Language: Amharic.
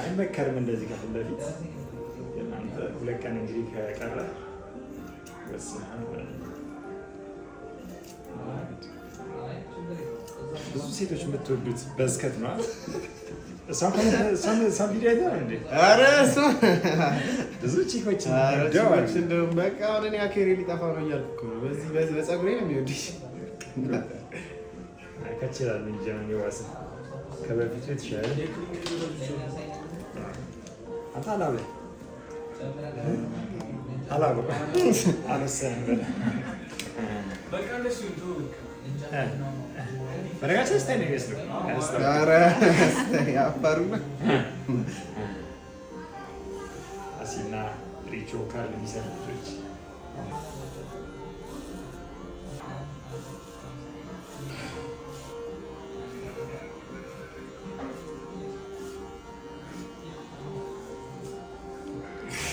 አይመከርም እንደዚህ ከፍ በፊት እናንተ ሁለት ቀን እንግዲህ ከቀረ ብዙ ሴቶች የምትወዱት በስከት ነው። ብዙ ቺኮች በቃ አሁን እኔ አኬሬ ሊጠፋ ነው እያልኩ በዚህ በፀጉሬ ነው የሚወድሽ ከችላል ከበፊቱ የተሻለ አሲና ሪቾ ካል የሚሰሩ